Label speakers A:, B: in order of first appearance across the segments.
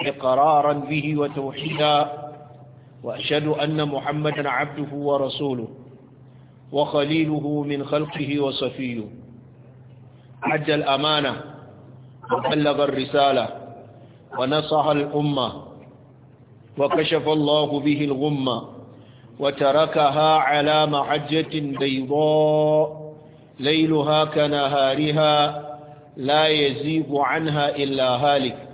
A: إقرارا به وتوحيدا وأشهد أن محمدا عبده ورسوله وخليله من خلقه وصفيه حج الأمانة وبلغ الرسالة ونصح الأمة وكشف الله به الغمة وتركها على محجة بيضاء ليلها كنهارها لا يزيغ عنها إلا هالك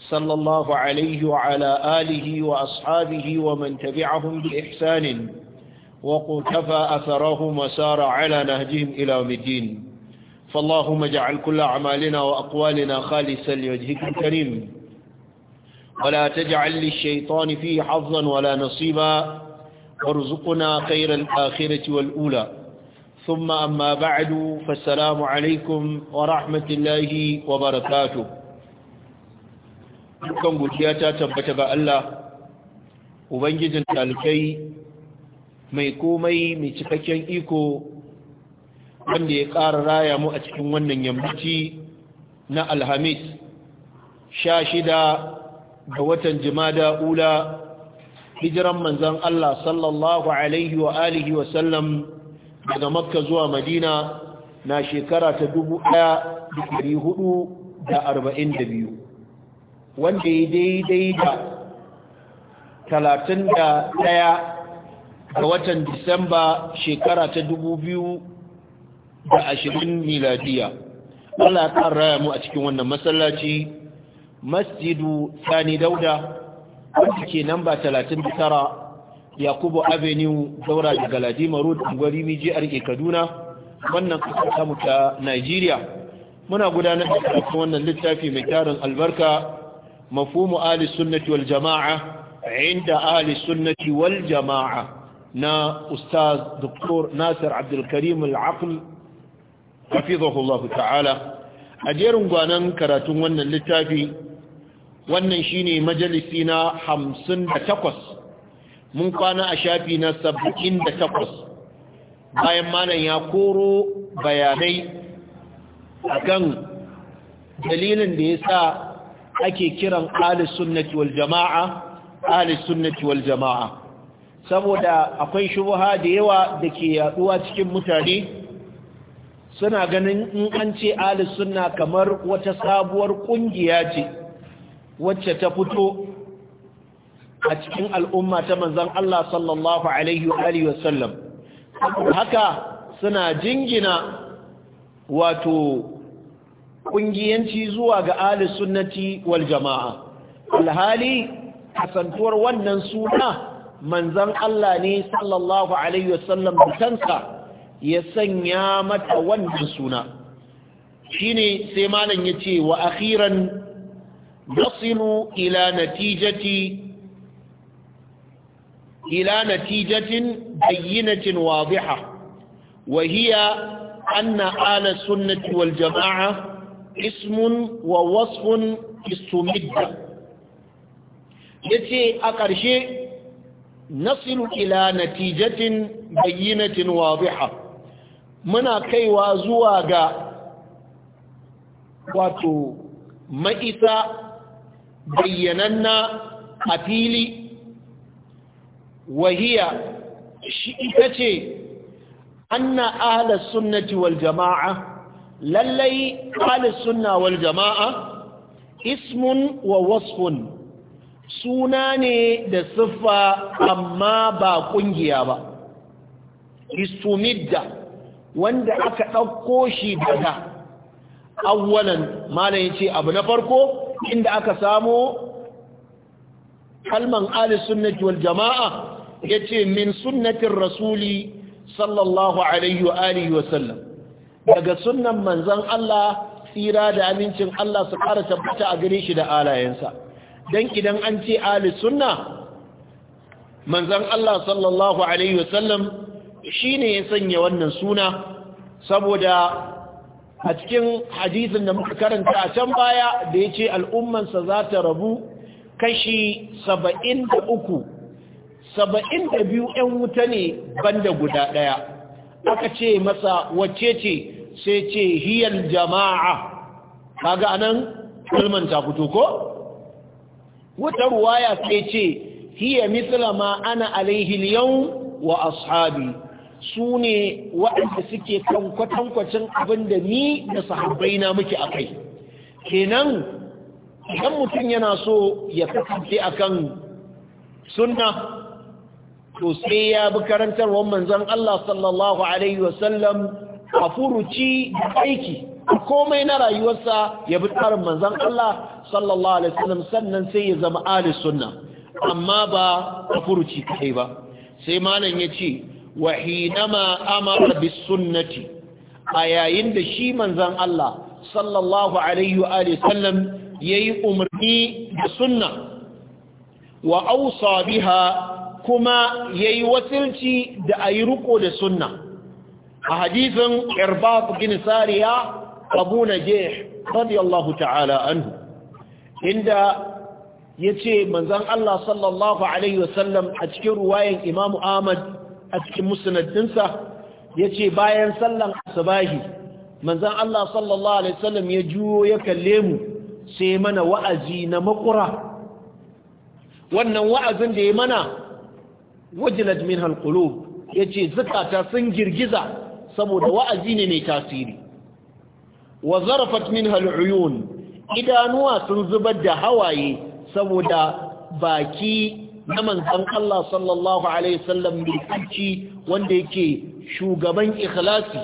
A: صلى الله عليه وعلى آله وأصحابه ومن تبعهم بإحسان وقتفى أثرهم وسار على نهجهم إلى مدين فاللهم اجعل كل أعمالنا وأقوالنا خالصا لوجهك الكريم ولا تجعل للشيطان فيه حظا ولا نصيبا وارزقنا خير الآخرة والأولى ثم أما بعد فالسلام عليكم ورحمة الله وبركاته dukkan godiya ta tabbata ga Allah ubangijin talikai mai komai mai cikakken iko wanda ya ƙara raya mu a cikin wannan yammaci na alhamis sha shida ga watan jimada ula hijiran manzan Allah sallallahu alaihi wa alihi wa sallam daga makka zuwa madina na shekara ta dubu ɗaya da arba'in da arba'in biyu. wanda ya daidai da talatin da ɗaya ga watan disamba shekara ta dubu biyu da ashirin miladiya Allah ya raya mu a cikin wannan masallaci masjidu sani dauda wanda ke nan ba talatin da tara yakubu avenue daura da galadima road gwari kaduna wannan kasar samu ta nigeria muna gudanar da wannan littafi mai tarin albarka مفهوم آل السنة والجماعة عند آل السنة والجماعة نا أستاذ دكتور ناصر عبد الكريم العقل حفظه الله تعالى أجيرون قانان كراتون ونن للتافي ونن شيني مجلسنا حمسن تقص من قانا أشافينا سبعين تقص bayan malam ya koro bayanai akan dalilin da ya sa ake kiran ahli sunnati wal jama'a ahli sunnati wal jama'a saboda akwai shubha da yawa dake yaduwa cikin mutane suna ganin in an ce ahli sunna kamar wata sabuwar kungiya ce wacce ta fito a cikin al'umma ta manzon Allah sallallahu alaihi wa alihi wasallam haka suna jingina wato kungiyanci zuwa ga ahli sunnati wal jama'a alhali hasantuwar wannan suna manzon Allah ne sallallahu alaihi wasallam kansa ya sanya mata wannan suna shine sai malam yace wa akhiran nasilu ila natijati ila natijatin bayyinatin wadiha Ana أن آل السنة والجماعة ismun wa wasfun istumidda yace a ƙarshe nasiru ila natijatin bayyinatin wadiha muna kaiwa zuwa ga wato ma'isa bayyananna a fili wahiya shi ita ce anna ahlas sunnati wal jama'a lallai ahlus sunna wal jama'a ismun wa wasfun suna ne da siffa amma ba kungiya ba istumidda wanda aka ɗauko shi daga awwalan malam ce abu na farko inda aka samo kalman ahli sunnati wal jamaa ce min sunnatin rasuli sallallahu alaihi wa sallam daga sunnan manzon Allah tsira da amincin Allah su ƙara tabbata a gare shi da alayensa don idan an ce ali sunna manzan Allah sallallahu Alaihi wasallam shi ne ya sanya wannan suna saboda a cikin hadisin da muka karanta a can baya da ya ce al'ummansa za ta rabu kashi saba'in da uku saba'in da biyu ‘yan wuta ne banda guda ɗaya aka ce masa wacce ce sai ce hiyar jama'a kaga anan kalman ta fito ko wata ruwaya sai ce hiya misla ma ana alaihi yau wa ashabi su ne waɗanda suke kan kwatankwacin abin da ni da sahabbai na muke akai kenan idan mutum yana so ya kasance akan sunna to sai ya bi karantarwar manzon Allah sallallahu alaihi wasallam a furuci aiki komai na rayuwarsa ya bi tsarin manzon Allah sallallahu alaihi wasallam sannan sai ya zama Ali sunna amma ba a furuci kai ba sai malam ya ce wa hinama amara bis sunnati a yayin da shi manzon Allah sallallahu alaihi wa alihi sallam yayi umarni da sunna wa awsa biha kuma ya yi wasilci da a yi riko da sunna a hadisin irbaf bin sariya abu na jeh radiyallahu ta'ala anhu inda ya ce manzan Allah sallallahu Alaihi wasallam a cikin ruwayen imamu Ahmad a cikin musnadinsa ya ce bayan sallan asabahi manzan Allah sallallahu Alaihi wasallam ya juyo ya kalle mu sai mana wa'azi na makura wannan wa'azin da ya mana wajilat min halkulub ya ce zukata sun girgiza saboda wa'azi ne mai tasiri wa zarafat min hal'uyun idanuwa sun zubar da hawaye saboda baki na manzan Allah sallallahu Alaihi sallam mai kanci wanda yake shugaban ikhlasi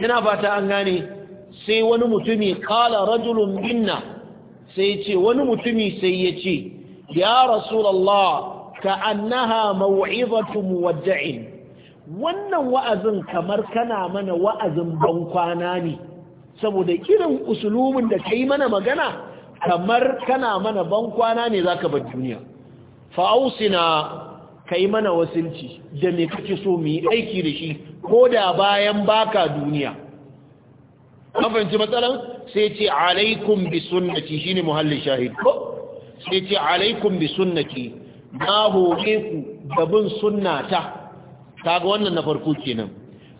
A: yana fata an gane sai wani mutumi kala rajulun binna sai ce wani mutumi sai ya ce ya rasulallah ka'annaha maw'izatu muwaddi'in wannan wa'azin kamar kana mana wa'azin bankwana ne saboda irin usulumin da kai mana magana kamar kana mana ban kwana ne zaka bar duniya fa ausina kai mana wasilci da me kake so mu yi aiki da shi ko da bayan baka duniya an fahimci matsalan sai ce alaikum bi sunnati shine muhallin shahid ko sai ce alaikum bi sunnati na hore ku da bin sunnata kaga wannan na farko kenan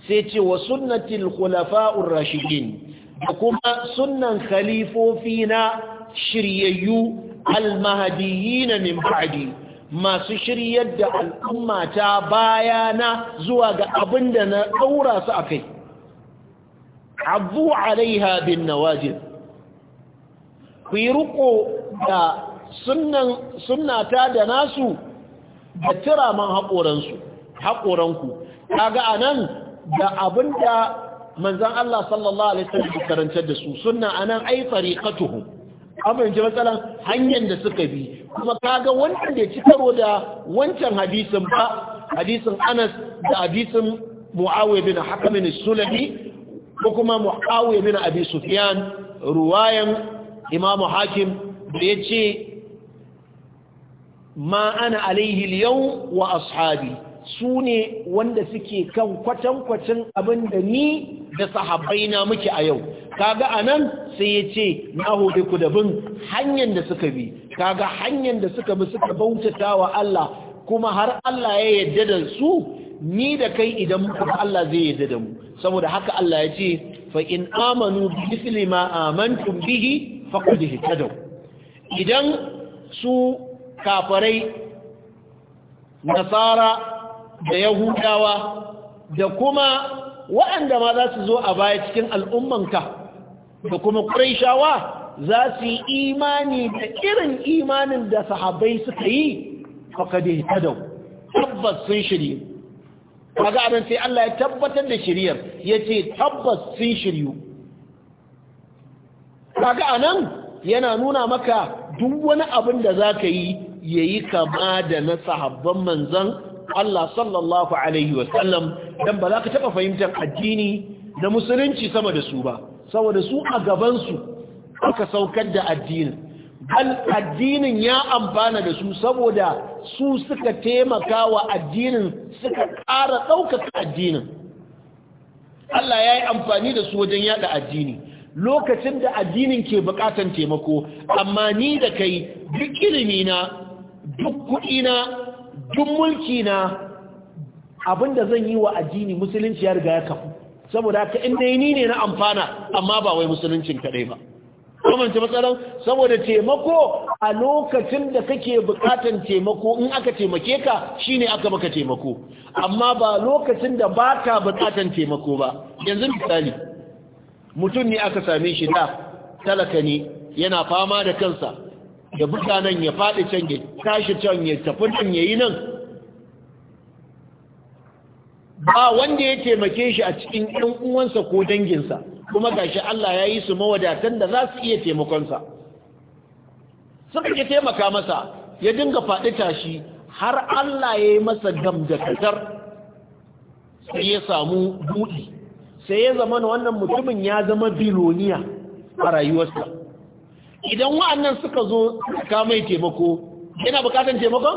A: sai ce wa sunnatil khulafa'ur rashidin da kuma sunnan khalifofi na shiryayyu almahdiyina min ba'di masu shiryar da al'umma ta bayana zuwa ga abinda na daura su akai abu alaiha bin nawajib ku yi riko da ta da nasu da tira man haƙoransu haƙoranku kaga a nan da abin da manzan Allah sallallahu Alaihi wasallam karantar da su sunna a nan ai fariƙatuhu abin ji matsalan hanyar da suka bi kuma kaga wannan da ci karo da wancan hadisin ba hadisin anas da hadisin mu'awai bin hakamin sulami ko kuma mu'awai bin abi sufyan ruwayan imamu hakim da ya ce ma ana alaihi yau wa ashabi su ne wanda suke kan kwatankwacin abin da ni da sahabai na muke a yau kaga anan sai ya ce na hobe ku da bin hanyar da suka bi kaga hanyar da suka bi suka bautata wa Allah kuma har Allah ya yadda da su ni da kai idan muka Allah zai yadda da mu saboda haka Allah ya ce fa in amanu bi mithli ma amantum bihi faqad ihtadaw idan su kafirai nasara da yahudawa da kuma waɗanda ma za su zo a baya cikin al'ummanka da kuma ƙuraishawa za su yi imani da irin imanin da sahabai suka yi faƙade ta dau tabbas sun shirye kaga abin sai Allah ya tabbatar da shiryar ya ce tabbas sun shiryu kaga anan yana nuna maka duk wani abin da za ka yi ya yi kama da na sahabban manzan Allah sallallahu Alaihi wasallam don ba za ka taɓa fahimtar addini da musulunci sama da su ba saboda su a gabansu aka saukar da addinin bal addinin ya amfana da su saboda su suka taimaka wa addinin suka ƙara ɗaukaka addinin Allah ya yi amfani da su wajen yada addini lokacin da addinin ke buƙatan taimako amma ni da kai duk ilimina duk kuɗi na duk mulki na abinda zan yi wa addini musulunci ya riga ya kafu saboda haka in ni ne na amfana amma ba wai musuluncin kaɗai ba kamance matsalan saboda taimako a lokacin da kake bukatan taimako in aka taimake ka shine aka maka taimako amma ba lokacin da baka bukatan taimako ba yanzu misali mutum ne aka same shi da talaka ne yana fama da kansa Da mutanen ya faɗi can ya tashi can ya tafi nan ya yi nan ba wanda ya taimake shi a cikin ɗan uwansa ko danginsa kuma gashi Allah ya yi su mawadatan da za su iya taimakonsa suka ke taimaka masa ya dinga faɗi tashi har Allah ya yi masa gam da katar sai ya samu buɗi sai ya zama wannan mutumin ya zama biloniya a rayuwarsa idan wa'annan suka zo ka mai taimako yana bukatan taimakon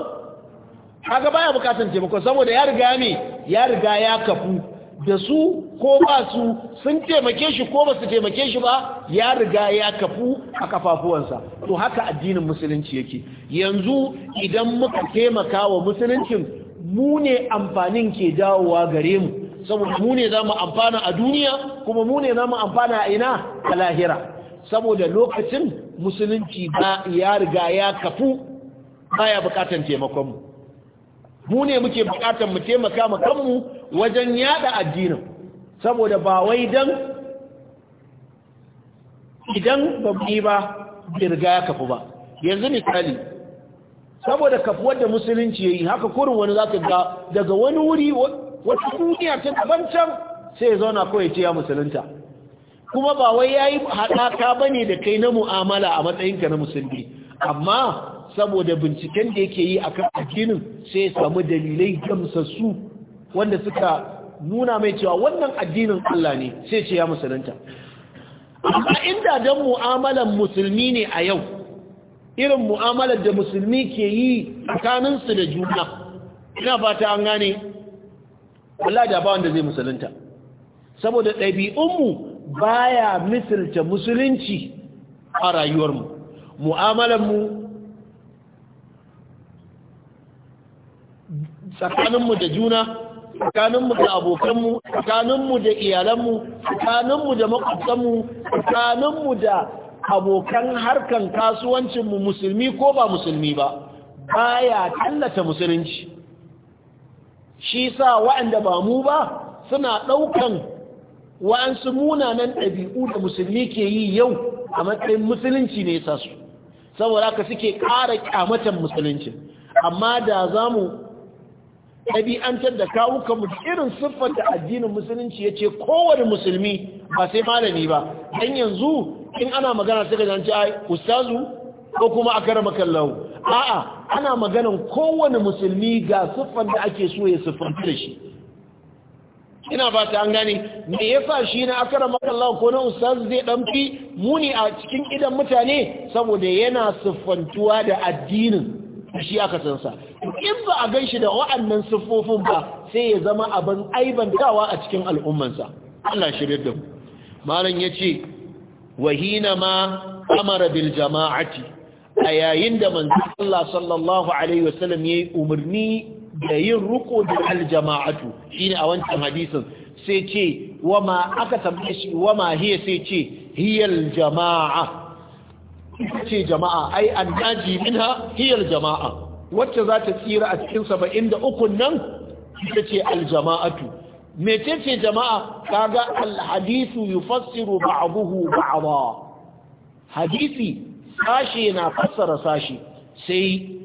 A: kaga baya bukatan taimakon saboda ya riga me ya riga ya kafu da su ko ba su sun taimake shi ko ba su taimake shi ba ya riga ya kafu a kafafuwansa to haka addinin musulunci yake yanzu idan muka taimaka wa musuluncin mu ne amfanin ke dawowa gare mu saboda mu ne za mu amfana a duniya kuma mu ne za mu amfana a ina a lahira saboda lokacin musulunci ba ya riga ya kafu ba ya bukatan taimakon mu mu ne muke bukatan mu taimaka mu kanmu wajen yada addinin saboda ba wai dan idan ba mu yi ba riga ya kafu ba yanzu misali saboda kafuwar da musulunci yayi haka kurin wani zaka ga daga wani wuri wata duniya ta daban can sai ya zauna kawai ce ya musulunta kuma ba wai yayi haɗaka bane da kai na mu'amala a matsayinka na musulmi amma saboda binciken da yake yi akan addinin sai ya samu dalilai gamsassu wanda suka nuna mai cewa wannan addinin Allah ne sai ce ya musulunta amma inda dan mu'amalan musulmi ne a yau irin mu'amalar da musulmi ke yi tsakaninsu da juna ina fata an gane Allah da ba wanda zai musulunta saboda ɗabi'unmu baya misalta musulunci a rayuwarmu mu'amalarmu tsakaninmu da juna tsakaninmu da abokanmu tsakaninmu da iyalanmu tsakaninmu da makwabtanmu tsakaninmu da abokan harkan kasuwancinmu musulmi ko ba musulmi ba baya tallata musulunci shi sa waɗanda ba mu ba suna ɗaukan wa'ansu munanan ɗabi'u da musulmi ke yi yau a matsayin musulunci ne ya su saboda ka suke ƙara ƙyamatan musulunci amma da za mu ɗabi'antar da kawukanmu irin siffar da addinin musulunci ya ce kowane musulmi ba sai malami ba don yanzu in ana magana suka zanci ai ustazu ko kuma a kara makallahu a'a ana maganan kowane musulmi ga siffar da ake so ya siffanta da shi ina ba ta an gane me yasa shi na akara makallah ko na ustaz zai dan fi muni a cikin idan mutane saboda yana siffantuwa da addinin shi aka san sa in ba a ganshi da wa'annan siffofin ba sai ya zama abin aibantawa a cikin al'ummansa Allah shirye da mu malam yace wahina ma amara bil jama'ati a yayin da manzo Allah sallallahu alaihi wasallam yayi umarni da yin ruko da aljama'atu shine a wancan hadisin sai ce wama aka tambaye shi wama hiya sai ce hiyal jama'a ce jama'a ai daji minha hiya jama'a wacce za ta tsira a cikin 73 nan ita ce aljama'atu ce jama'a kaga alhadisu yufassiru ba'dahu ba'dha hadisi sashe na fassara sashe sai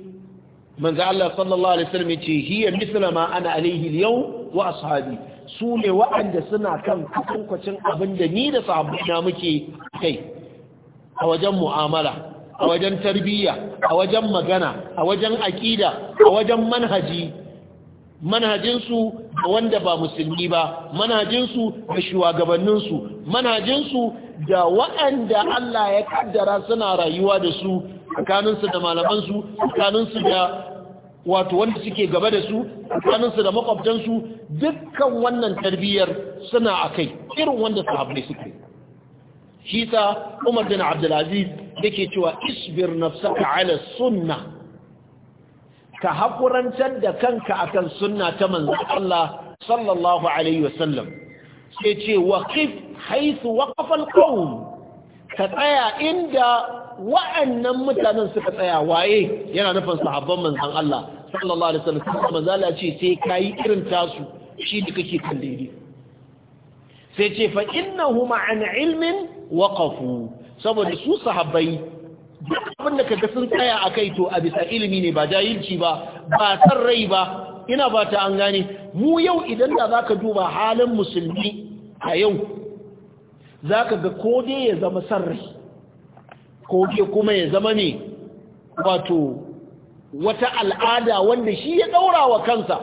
A: manzo Allah sallallahu alaihi wasallam yace hiya misla ma ana alaihi yau yawm wa ashabi su ne waɗanda suna kan kusankwacin abin da ni da sahabbina muke kai a wajen mu'amala a wajen tarbiyya a wajen magana a wajen aƙida a wajen manhaji manhajinsu da wanda ba musulmi ba manhajinsu da shugabanninsu manhajinsu da waɗanda Allah ya kaddara suna rayuwa da su tsakaninsu da malamansu tsakaninsu da wato wanda suke gaba da su tsakaninsu da makwabtansu dukkan wannan tarbiyyar suna a kai irin wanda sahabbai suke shi ta umar bin abdulaziz yake cewa isbir nafsaka ala sunna ka haƙurantar da kanka akan sunna ta manzan Allah sallallahu alaihi wasallam sai ce waqif haythu waqafa alqawm ka tsaya inda wa'annan mutanen suka tsaya waye yana nufin sahabban manzan Allah sallallahu alaihi wasallam kuma manzala ce sai kayi irin tasu shi da kake kan daidai sai ce fa innahu ma'an ilmin waqafu saboda su sahabbai duk abin da kaga sun tsaya akai to a bisa ilimi ne ba jahilci ba ba san rai ba ina ba ta an gane mu yau idan da zaka duba halin musulmi a yau za ka ga kode ya zama sarri kode kuma ya zama ne wato wata al'ada wanda shi ya ɗaura wa kansa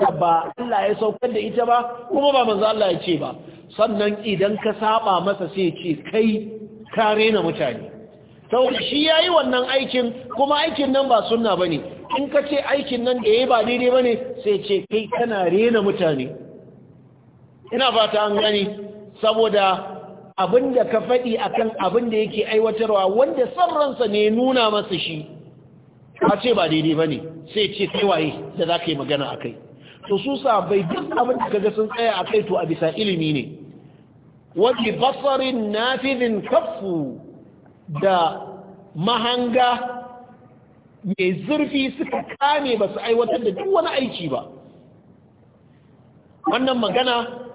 A: da ba Allah ya saukar da ita ba kuma ba manzo Allah ya ce ba sannan idan ka saba masa sai ce kai ka rena mutane saboda shi yayi wannan aikin kuma aikin nan ba sunna bane in ka ce aikin nan da yayi ba daidai bane sai ce kai kana rena mutane ina fata an gani saboda abin da ka faɗi akan abin da yake aiwatarwa wanda sarransa ne nuna masa shi a ce ba daidai ba ne sai ce kai da za ka yi magana a kai to su bai duk abin da kaga sun tsaya a kai to a bisa ilimi ne Wani basarin nafizin kafu da mahanga mai zurfi suka kame ba su aiwatar da duk wani aiki ba wannan magana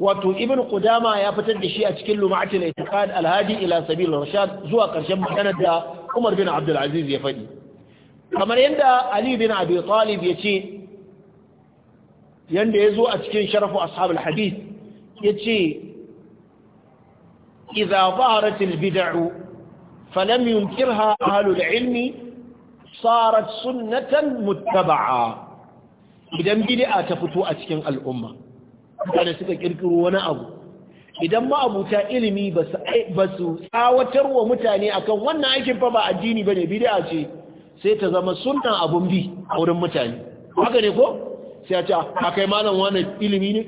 A: wato ibn qudama ya fitar da shi a cikin lumatul itiqad alhadi ila sabil rashad zuwa karshen maganar da umar bin abdul aziz ya faɗi kamar yadda ali bin abi talib ya ce yanda ya zo a cikin sharafu ashabul hadith ya ce idza zaharat albid'u falam yunkirha ahlul ilmi sarat sunnatan muttaba'a idan bid'a ta fito a cikin al'umma da suka kirkiro wani abu idan ma'abuta ilimi ba su tsawatar mutane akan wannan aikin fa ba addini bane bid'a ce sai ta zama sunnan abun bi a wurin mutane haka ne ko sai a ce akai ah, malam wannan ilimi ne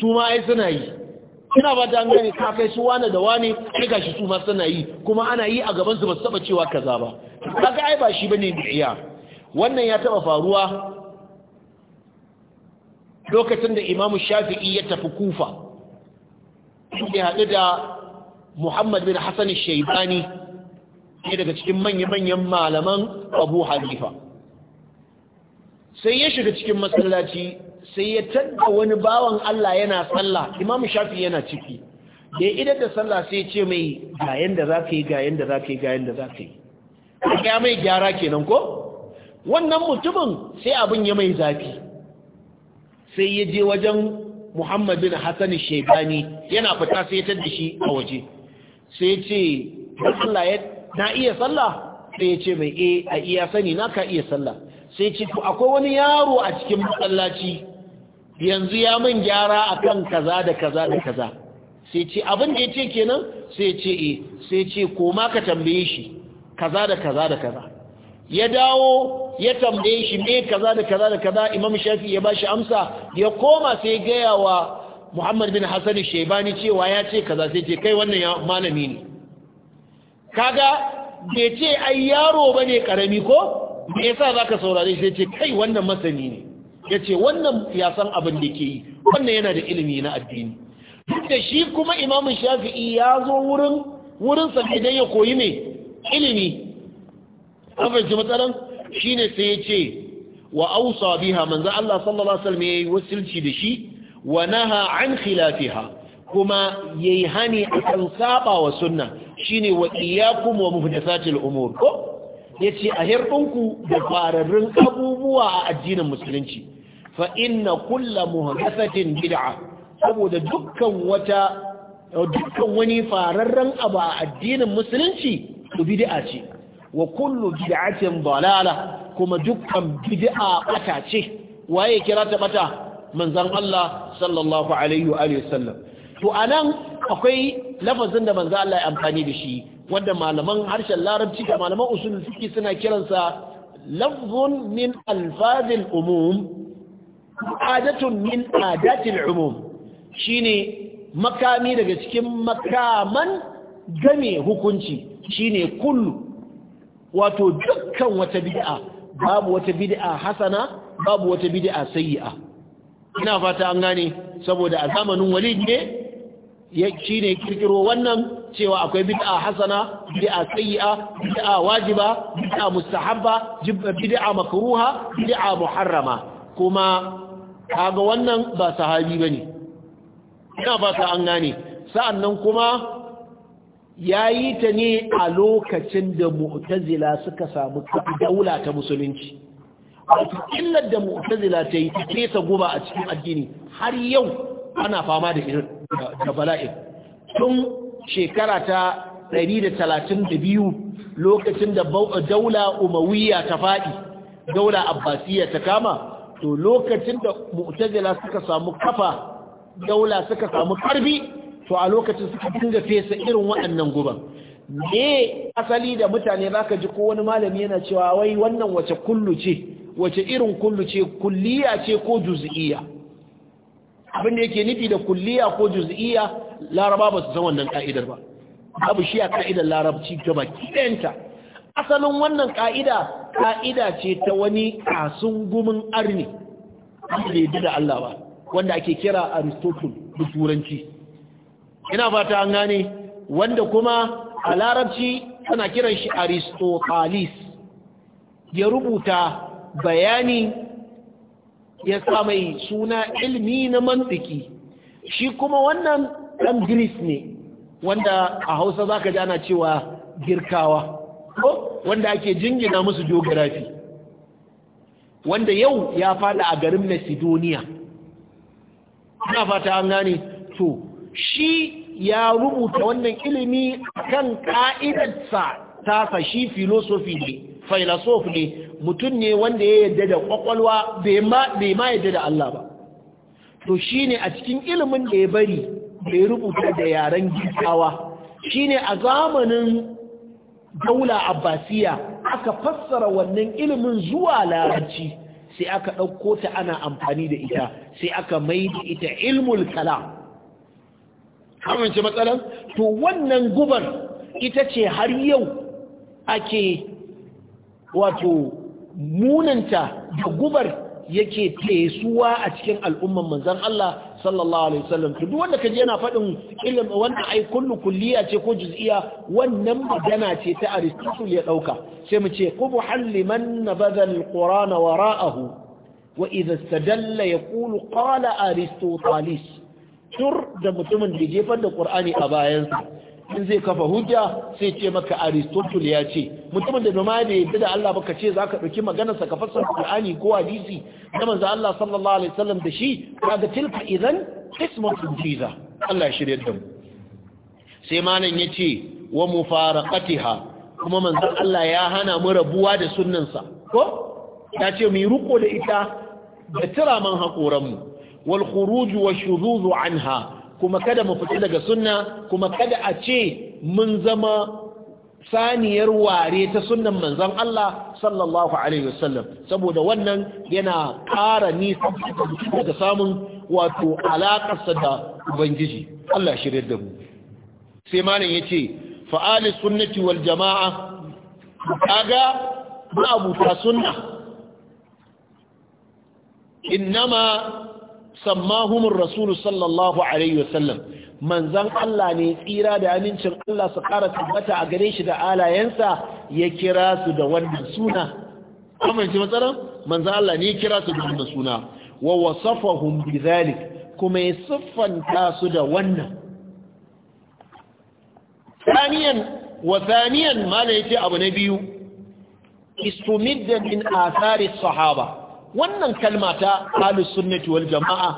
A: su ma ai suna yi ina ba dan gane ka kai su wani da wani ga shi su ma suna yi kuma ana yi a gaban su ba su taba cewa kaza ba kaga ai ba shi bane bid'a wannan ya taba faruwa lokacin da imamu shafi'i ya tafi kufa ya haɗu da muhammad bin hassan shaibani ya daga cikin manya-manyan malaman abu halifa sai ya shiga cikin masallaci sai ya tadda wani bawan allah yana sallah imamu shafi'i yana ciki da idan da tsalla sai ce mai gayen da za ka yi gayen da za ka yi gayen da za ka yi ya mai gyara kenan ko wannan mutumin sai abin ya mai zafi sai ya je wajen Muhammad bin Hassan Shebani yana fita sai ya da shi a waje sai ce Allah ya na iya sallah sai ya ce mai eh a iya sani na ka iya sallah sai ce to akwai wani yaro a cikin masallaci yanzu ya min gyara akan kaza da kaza da kaza sai ce abin da yace kenan sai ce eh sai ce koma ka tambaye shi kaza da kaza da kaza ya dawo ya tambaye shi me kaza da kaza da kaza imam shafi ya bashi amsa ya koma sai gaya wa muhammad bin hassan shaibani cewa ya ce kaza sai ce kai wannan ya malami ne kaga bai ce ai yaro bane karami ko me yasa zaka saurare sai ce kai wannan masani ne yace wannan ya san abin da ke yi wannan yana da ilimi na addini duk da shi kuma imam Shafi ya zo wurin wurin idan ya koyi ne ilimi an fahimci matsalan shine sai ya ce wa ausa biha manzo Allah sallallahu alaihi wasallam yayi wasilci da shi wa naha an khilafiha kuma yayi hani akan saba wa sunna shine wa iyyakum wa muhdathatil umur ko yace a hirdinku da fararrun abubuwa a addinin musulunci fa inna kullu muhdathatin bid'a saboda dukkan wata dukkan wani fararren abu a addinin musulunci bid'a ce wa kullu bid'atin dalala kuma dukkan bid'a bata ce waye kira ta bata manzon Allah sallallahu alaihi wa sallam to anan akwai lafazin da manzon Allah ya amfani da shi wanda malaman harshen larabci da malaman usul fiqh suna kiransa lafzun min alfazil umum adatun min adatil umum shine makami daga cikin makaman game hukunci shine kullu wato dukkan wata bid'a babu wata bid'a hasana babu wata bid'a sayyi'a ina fata an gane saboda a zamanin walid ne ya shine kirkiro wannan cewa akwai bid'a hasana bid'a sayyi'a bid'a wajiba bid'a mustahabba bid'a makruha bid'a muharrama kuma kaga wannan ba sahabi bane ina fata an gane sa'annan kuma ya yi ta ne a lokacin da mu'tazila suka samu daula ta musulunci wato illar da mu'tazila ta yi ta fesa guba a cikin addini har yau ana fama da da bala'in tun shekara ta 132 lokacin da daula umawiya ta faɗi daula abbasiya ta kama to lokacin da mu'tazila suka samu kafa daula suka samu karbi to a lokacin suka dinga fesa irin waɗannan guban me asali da mutane zaka ji ko wani malami yana cewa wai wannan wace kullu ce wace irin kullu ce kulliya ce ko juz'iyya abin da yake nufi da kulliya ko juz'iyya laraba ba su san wannan ka'idar ba babu shi a ka'idar larabci gaba kidanta asalin wannan ka'ida ka'ida ce ta wani kasun gumin arni wanda ya da Allah ba wanda ake kira Aristotle da turanci ina fata an gane wanda kuma a larabci ana kiran shi aristotalis ya rubuta bayani ya sa mai suna ilmi na mantiki shi kuma wannan ɗan gris ne wanda a hausa za ka jana cewa girkawa ko wanda ake jingina musu geografi wanda yau ya fada a garin macedonia ina fata an gane to shi ya rubuta wannan ilimi kan ka'idarsa ta fashi filosofi ne filosof ne mutum ne wanda ya yadda da kwakwalwa bai ma yadda da Allah ba to shine a cikin ilimin da ya bari bai rubuta da yaren gizawa shine a zamanin daula abbasiya aka fassara wannan ilimin zuwa larabci sai aka ɗauko ta ana amfani da ita sai aka mai da ita ilmul kalam amince matsalan to wannan gubar ita ce har yau ake wato munanta da gubar yake tesuwa a cikin al'umman manzan Allah sallallahu alaihi wasallam to duk wanda kaje yana fadin ilimi wannan ai kullu kulliya ce ko juz'iya wannan magana ce ta Aristotle ya dauka sai mu ce qubuhan liman nabadha al-Qur'ana wara'ahu wa idha istadalla yaqulu qala Aristotelis tur da mutumin da jefar da ƙur'ani a bayansa in zai kafa hujja sai ce maka aristotle ya ce mutumin da noma da yadda da Allah baka ce zaka dauki maganarsa ka fassara qur'ani ko hadisi Na manzo Allah sallallahu alaihi wasallam da shi kaga tilka idan qismatun jiza Allah ya da mu sai malam yace wa mufaraqatiha kuma manzo Allah ya hana mu rabuwa da sunnansa ko ya ce mu yi ruko da ita da tiraman hakoran mu wal khuruj wa shuzuz anha kuma kada mu fita daga sunna kuma kada a ce mun zama saniyar ware ta sunnan manzon Allah sallallahu alaihi saboda wannan yana ƙara nisa daga samun wato alaƙarsa da ubangiji Allah shirye da mu sai malam yace fa'ali sunnati wal jama'a kaga ma'abuta sunna innama sammahumur rasulu sallallahu alaihi wasallam manzon Allah ne tsira da amincin Allah su kara tabbata a gare shi da alayensa ya kira su da wannan suna amince matsaran manzon Allah ne ya kira su da wannan suna wa wasafahum bidhalik kuma ya siffanta su da wannan ثانيا وثانيا ما نيتي أبو نبيو استمد wannan kalma ta ahlus sunnati wal jama'a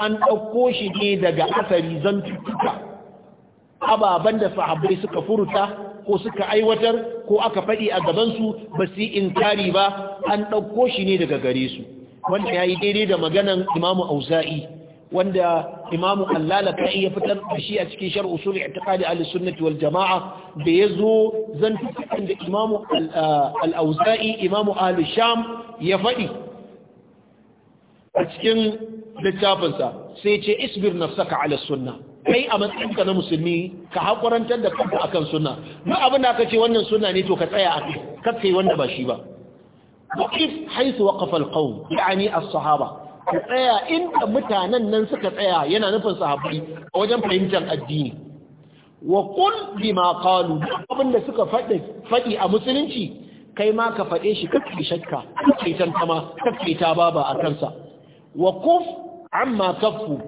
A: an ɗauko shi ne daga asari zantuttuka ababan da sahabbai suka furuta ko suka aiwatar ko aka faɗi a gabansu ba su yi inkari ba an ɗauko shi ne daga gare su wanda ya yi daidai da maganan imamu auza'i wanda imamu allala ka iya fitar da shi a cikin shar usul i'tiqadi ahli sunnati wal jama'a da yazo zantuttukan da imam al-auza'i imamu Ali sham ya faɗi a cikin littafinsa sai ce isbir saka ala sunna kai a matsayinka na musulmi ka haƙurantar da kanka akan sunna duk abin da aka ce wannan sunna ne to ka tsaya a kai kar yi wanda ba shi ba waqif haythu waqafa alqawm yani as-sahaba ka tsaya inda mutanen nan suka tsaya yana nufin sahabbai a wajen fahimtar addini wa qul bima qalu abin da suka faɗi faɗi a musulunci kai ma ka faɗe shi kake shakka kake tantama kake ta baba a kansa wa kuf amma kaffu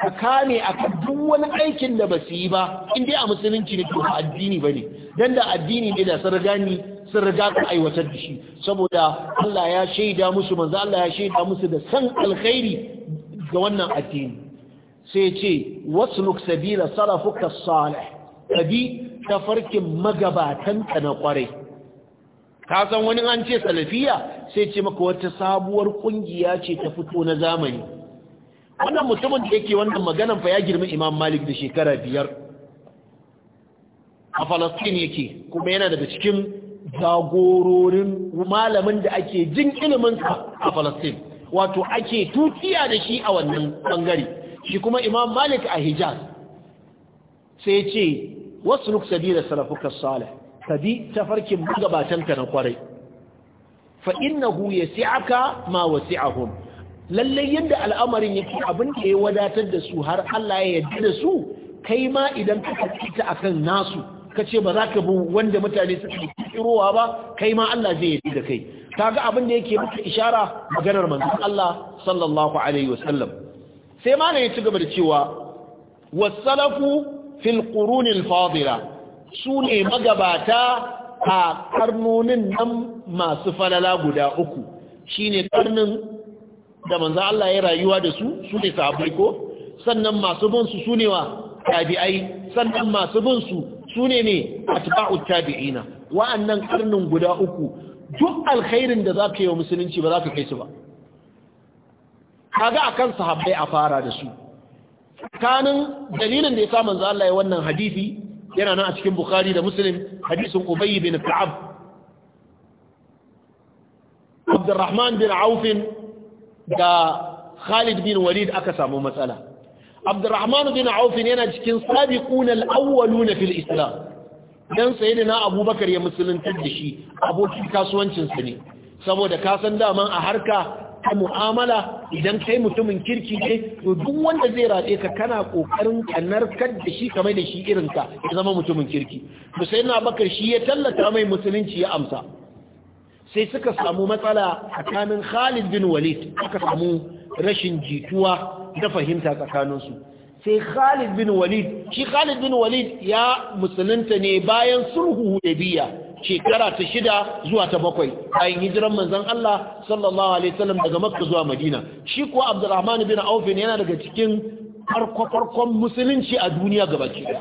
A: ka kame akan duk wani aikin da ba su yi ba in dai a musulunci ne to addini ba ne dan da addini ne da sun riga ni sun riga ka aiwatar da shi saboda Allah ya shaida musu manzo Allah ya shaida musu da san alkhairi ga wannan addini sai ce wasu sabila sarafuka salih tabi tafarkin magabatanka na kwarai ka san wani an ce salafiya sai ce maka wata sabuwar kungiya ce ta fito na zamani wannan mutumin da yake wannan maganan fa ya girma imam malik da shekara biyar a falastin yake kuma yana daga cikin jagororin malamin da ake jin ilimin ka a falastin wato ake tutiya da shi a wannan bangare shi kuma imam malik a hijaz sai ce wasu nuk da salafuka salih ka bi tafarkin magabatanka na kwarai fa innahu aka ma wasi'ahum lallai yadda al'amarin yake abinda da ya wadatar da su har Allah ya yarda da su kai ma idan ka ta akan nasu ka ce ba za ka bi wanda mutane suka kirowa ba kai ma Allah zai yarda da kai kaga abinda da yake maka ishara maganar manzon Allah sallallahu alaihi wasallam sai ma ne ya ci gaba da cewa wasalafu fil qurunil fadila su ne magabata a karnonin nan masu falala guda uku Shi ne karnin da manzo Allah ya rayuwa da su su ne sahabbai ko sannan masu bin su sune wa tabi'ai sannan masu bin su sune ne atba'u tabi'ina wa'annan karnin guda uku duk alkhairin da za ka yi wa musulunci ba za ka kai su ba kaga kan sahabai a fara da su kanin dalilin da ya sa manzo Allah ya wannan hadisi yana nan a cikin bukhari da muslim hadisin ubayy bin ka'ab abdurrahman bin auf da khalid bin walid aka samu matsala abdurrahman bin auf yana cikin sabiqun al-awwalun fil islam dan sayyidina abubakar ya musulunta da shi abokin kasuwancin sa ne saboda ka san daman a harka ta mu'amala idan kai mutumin kirki ne to duk wanda zai raɗe ka kana kokarin ka narkar da shi kamar da shi irin ka ya zama mutumin kirki to sai na bakar shi ya tallata mai musulunci ya amsa sai suka samu matsala tsakanin Khalid bin Walid aka samu rashin jituwa da fahimta tsakaninsu sai Khalid bin Walid shi Khalid bin Walid ya musulunta ne bayan sulhu Hudaybiyah shekara ta shida zuwa ta bakwai bayan hijiran manzon Allah sallallahu alaihi wasallam daga Makka zuwa Madina shi kuwa Abdurrahman bin Auf yana daga cikin farko-farkon musulunci a duniya gabaki ɗaya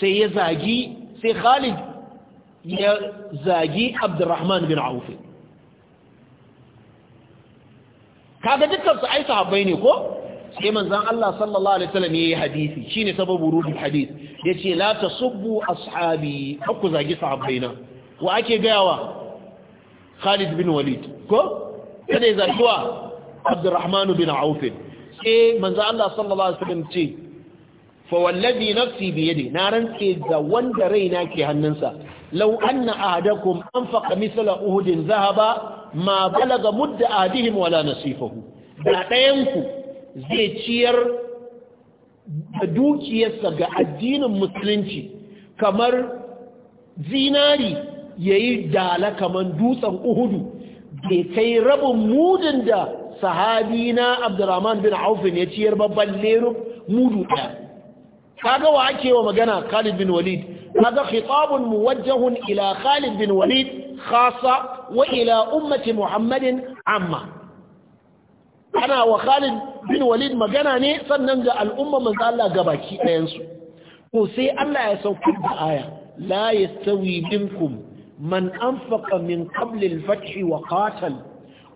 A: sai ya zagi sai Khalid ya zagi Abdurrahman bin Auf kaga dukkan su ai sahabbai ne ko sai manzan Allah sallallahu alaihi wasallam yayi hadisi shine sababu ruhul hadis yace la tasubbu ashabi ku zagi sahabbaina wa ake gayawa Khalid bin Walid ko kada ya zagi wa Abdurrahman bin haufin sai manzan Allah sallallahu alaihi wasallam ce fa wallazi nafsi bi yadi na rantse da wanda raina ke hannunsa law anna ahadakum anfaqa mithla uhudin zahaba ma balaga mudda ahadihim wala nasifahu da dayan ku. zai ciyar da dukiyarsa ga addinin musulunci kamar zinari ya yi dala kamar dutsen uhudu bai kai rabin mudin da sahabi na abdurrahman bin aufin ya ciyar babban lerub mudu ɗaya kaga wa ake wa magana khalid bin walid kaga khitabun muwajjahun ila khalid bin walid khasa wa ila ummati muhammadin amma ana wa Khalid bin Walid magana ne sannan ga al'umma manzo Allah gabaki ɗayansu su to sai Allah ya sauka da aya la yastawi minkum man anfaqa min qabli al-fath wa qatal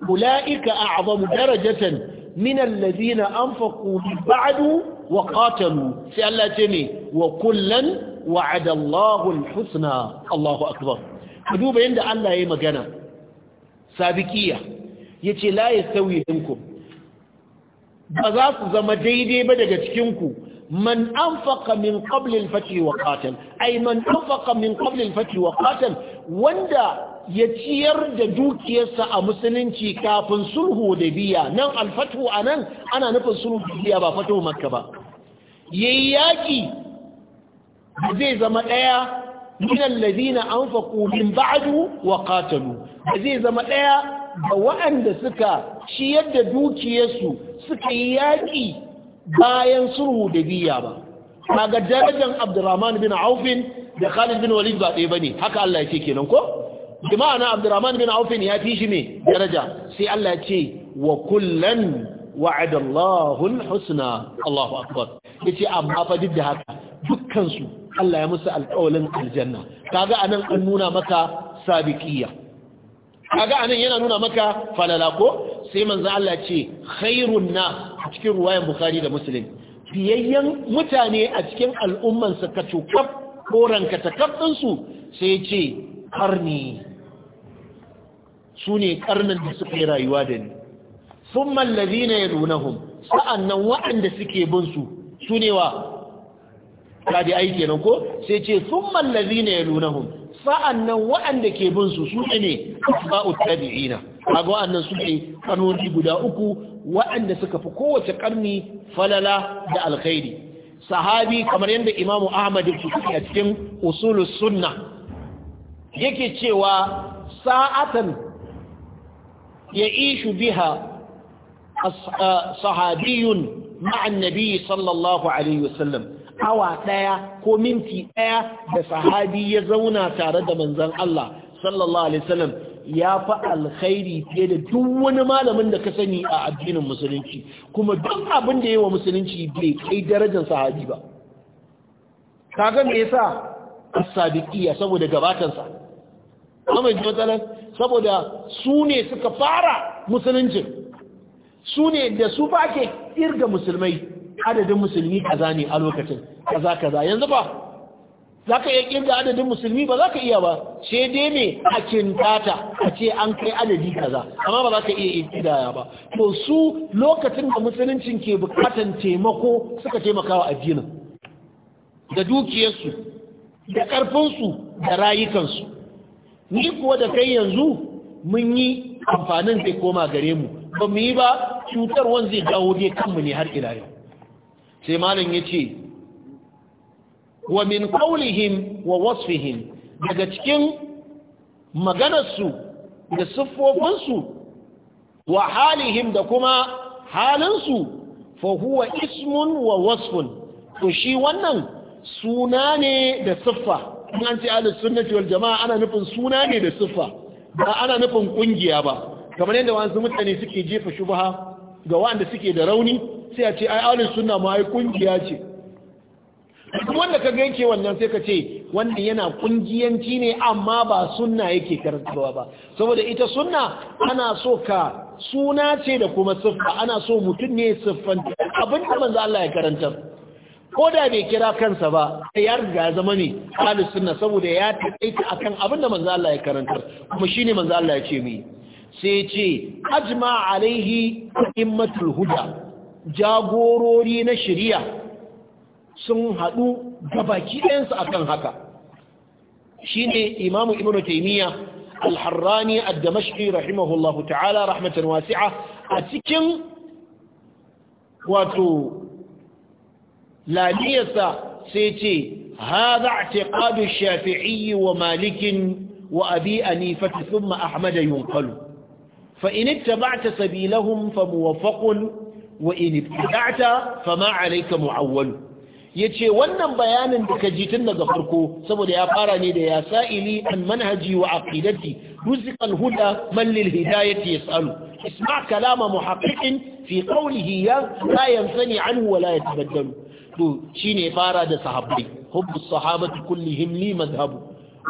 A: ulaika a'zamu darajatan min alladhina anfaqu ba'du wa qatalu sai Allah ce ne wa kullan wa'ada Allahu al-husna Allahu akbar duba yanda Allah yayi magana sabiqiya yace la yastawi minkum ba za su zama daidai ba daga cikinku man faka min qabli al wa qatal ay man min qabli al wa wanda ya ciyar da dukiyarsa a musulunci kafin sulhu da biya nan alfatu a nan ana nufin sulhu da biya ba fatuhu makka ba yayi yaki zai zama daya min an anfaqu min ba'adu wa qatalu zai zama ɗaya da waɗanda suka ciyar da dukiyarsu suka yi yaƙi bayan sulhu da biya ba kaga darajar abdurrahman bin aufin da khalid bin walid ba ɗaya bane haka Allah ya ce kenan ko jama'a ma'ana abdurrahman bin aufin ya fi shi mai daraja sai Allah ya ce wa kullan wa'ada Allahu husna Allahu akbar yace amma fa duk da haka dukkansu Allah ya musu alƙawalin aljanna kaga anan an nuna maka sabiqiyya kaga nan yana nuna maka falala ko sai manzo Allah ce khairun na a cikin ruwayan bukhari da muslim fiyayyen mutane a cikin al'umman su ka cukab ko ranka takaddin su sai ce karni Su ne karnin da suka yi rayuwa da ni thumma alladhina yadunhum sa'annan waɗanda suke bin su su ne wa kadi aiki kenan ko sai ce thumma alladhina yadunhum sa'annan waɗanda ke bin su su ne asba'ut tabi'ina kaga wa'annan suke karnoni guda uku wa'anda suka fi kowace karni falala da alkhairi sahabi kamar yadda imamu ahmad yake a cikin usulus sunna yake cewa sa'atan ya ishu biha uh, sahabiyun ma'an nabi sallallahu alaihi wasallam awa ɗaya ko minti ɗaya da sahabi ya zauna tare da manzan Allah sallallahu alaihi wasallam ya fi alkhairi fiye da duk wani malamin da ka sani a addinin musulunci kuma duk abin da yi wa musulunci bai kai darajar sahabi ba kaga me yasa as-sabiqiyya saboda sa kuma ji matsalar saboda su ne suka fara musulunci su ne da su ba ke kirga musulmai adadin musulmi kaza ne a lokacin kaza kaza yanzu ba za ka iya kirga adadin musulmi ba za ka iya ba sai dai ne a kintata a ce an kai adadi kaza amma ba za ka iya ƙidaya ba to su lokacin da musuluncin ke bukatan taimako suka taimaka wa addinin da dukiyarsu da ƙarfinsu da rayukansu ni kuwa da kai yanzu mun yi amfanin zai koma gare mu ba mu yi ba cutarwan zai dawo ne kanmu ne har ila sai malam ya ce wa min qawlihim wa wasfihim daga cikin maganarsu da siffofinsu wa halihim da kuma halinsu fa huwa ismun wa wasfun to shi wannan suna ne da siffa in an ce ahlus sunnati wal jama'a ana nufin suna ne da siffa ba ana nufin kungiya ba kamar yadda wasu mutane suke jefa shubha ga wanda suke da rauni sai a ce ai ahlus sunna ma ai kungiya ce duk wanda ka yake wannan sai ka ce wannan yana kungiyanci ne amma ba sunna yake karantarwa ba saboda ita sunna ana so ka suna ce da kuma siffa ana so mutum ne siffan abin da manzo Allah ya karanta. ko da bai kira kansa ba ya riga zama ne ahlus sunna saboda ya taƙaita akan abin da manzo Allah ya karanta. kuma shine manzo Allah ya ce mi sai ce ajma alaihi immatul huda jagorori na shari'a sun haɗu gabaki ɗayansu a kan haka shine ne imamu ibn taimiyya alharrani addamashi rahimahullahu ta'ala rahmatan wasi'a a cikin wato laliyarsa sai ce haza a ce ƙadu shafi'i wa malikin wa abi a nifata sun yunkalu fa kwalo fa'in ta ba ta sabi lahun famuwa wa in ta ba ta fama alaika mu'awwalu ya ce wannan bayanin da ka ji tun daga farko saboda ya fara ne da ya sa'ili an manhaji wa aqidati ruziqal huda mallil hidayati ya tsalu isma kalama muhaqqiqin fi qawlihi ya la yansani anhu wa la yatabaddalu to shine fara da sahabbai hubbus sahabati kullihim li madhhabu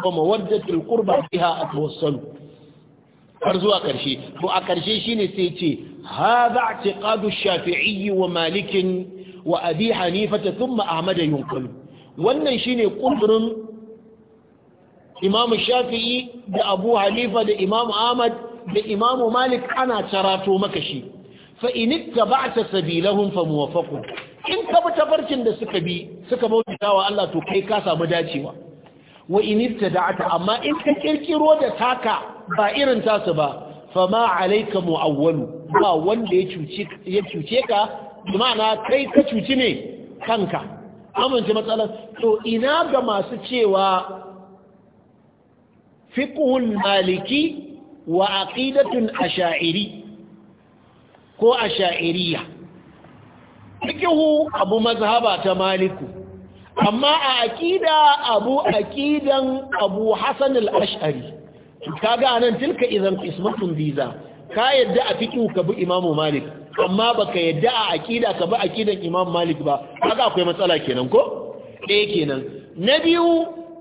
A: wa mawaddatul qurba biha atawassalu har zuwa karshe to a karshe shine sai ce hadha i'tiqadu shafi'i wa malikin wa abi hanifata thumma ahmad yunqalu wannan shine kudurin imamu shafi'i da abu hanifa da imamu ahmad da imamu malik ana tarato maka shi fa in ittaba'ta sabilahum fa muwaffaqun in ka bi tafarkin da suka bi suka bauta wa Allah to kai ka samu dacewa wa in ibtada'ta amma in ka kirkiro da taka ba irin tasu ba fama alayka mu'awwalu ba wanda ya ya cuce ka ma'ana kai ka cuci ne kanka amince matsalar to ina ga masu cewa fiqhul maliki wa aƙidatun asha'iri ko asha'iriya fiqhu abu mazhaba ta maliku amma a aƙida abu aqidan abu hasan al-ash'ari kaga anan tilka idan ismatun biza ka yadda a fiqhu ka bi imamu malik amma baka yadda a aqida ka ba aqidan Imam Malik ba kaga akwai matsala kenan ko eh kenan na biyu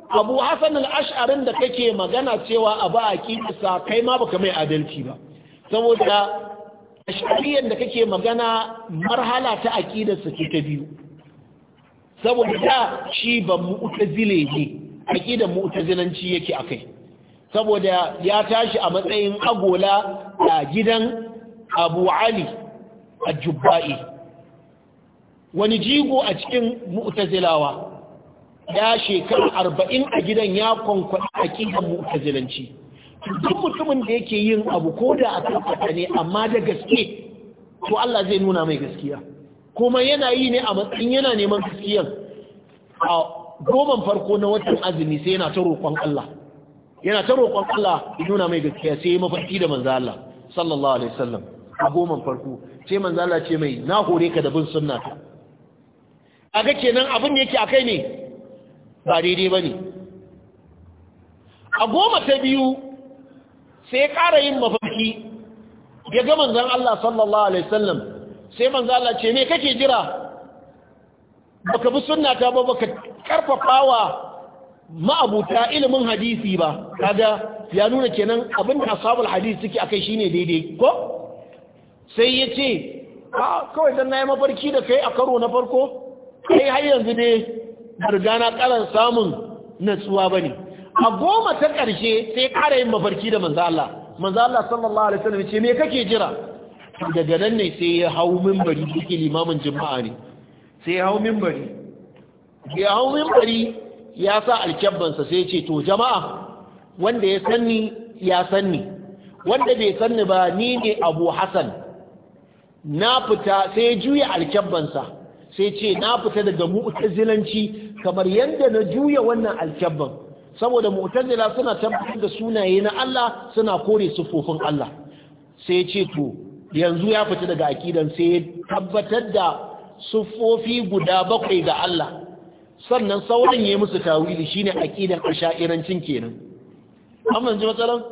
A: Abu Hassan al-Ash'arin da kake magana cewa a ba aqida sa kai ma baka mai adalci ba saboda ash'ariyan da kake magana marhala ta aqidar ke ta biyu saboda da shi ba mu'tazile ne aqidan mu'tazilanci yake akai saboda ya tashi a matsayin agola a gidan Abu Ali الجبائي jubbai wani jigo a cikin mu'tazilawa ya shekara arba'in a gidan ya kwankwaɗi aƙidan mu'tazilanci duk mutumin da yake yin abu ko da a kan ne amma da gaske to Allah zai nuna mai gaskiya kuma yana yi ne a matsayin yana neman gaskiyan a goman farko na watan azumi sai yana ta roƙon Allah yana ta roƙon Allah ya nuna mai gaskiya sai ya mafarki da manzo Allah sallallahu alaihi wasallam a goman farko sai manzo Allah ce mai na hore ka da bin sunna ta ga kenan abin da yake akai ne ba daidai bane a goma ta biyu sai ƙara yin mafarki ya ga manzon Allah sallallahu alaihi wasallam sai manzo Allah ce me kake jira baka bi sunna ta ba baka karfafawa ma'abuta ilimin hadisi ba kaga ya nuna kenan abin da ashabul hadisi suke akai shine daidai ko sai ya ce a ah, kawai don na yi mafarki da kai a karo na farko kai har yanzu ne riga na karan samun natsuwa ba ne a goma ta ƙarshe sai ƙara yin mafarki da Manzala. Manzala sallallahu alaihi wasallam ce me kake jira daga nan ne sai ya hau mimbari duk limamin jima'a ne sai ya hau mimbari ya hau mimbari ya sa alkyabbansa sai ce to jama'a wanda ya sanni ya sanni wanda bai sanni ba ni ne Abu Hassan na fita sai ya juya alkyabbansa sai ce na fita daga mu'tazilanci kamar yadda na juya wannan alkyabban saboda mu'tazila suna tabbatar da sunaye na Allah suna kore sufofin Allah sai ce to yanzu ya fita daga akidan sai ya tabbatar da sufofi guda bakwai ga Allah sannan sauran ya musu tawili shine akidan asha'irancin kenan amma ji matsalan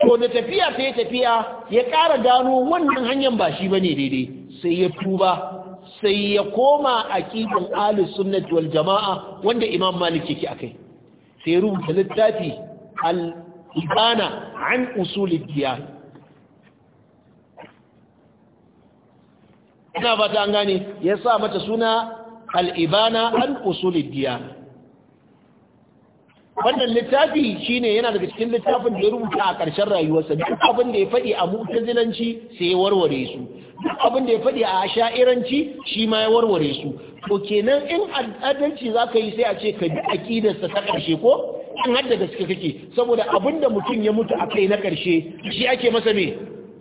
A: to da tafiya ta yi tafiya ya ƙara gano wannan hanyar ba shi ba ne daidai sai ya tuba sai ya koma a kifin alis sunnat wal jama'a wanda imam malik yake akai sai ya rubuta littafi al-ibana an usulid diyar ina fata an gane ya sa mata suna al-ibana an usulid diyar wannan littafi shine yana daga cikin littafin da ya rubuta a ƙarshen rayuwarsa duk abin da ya faɗi a mu'tazilanci sai ya warware su duk abin da ya faɗi a sha'iranci shi ma ya warware su to kenan in adalci za ka yi sai a ce ka bi aƙidarsa ta ƙarshe ko in har da gaske kake saboda abin da mutum ya mutu akai na ƙarshe shi ake masa me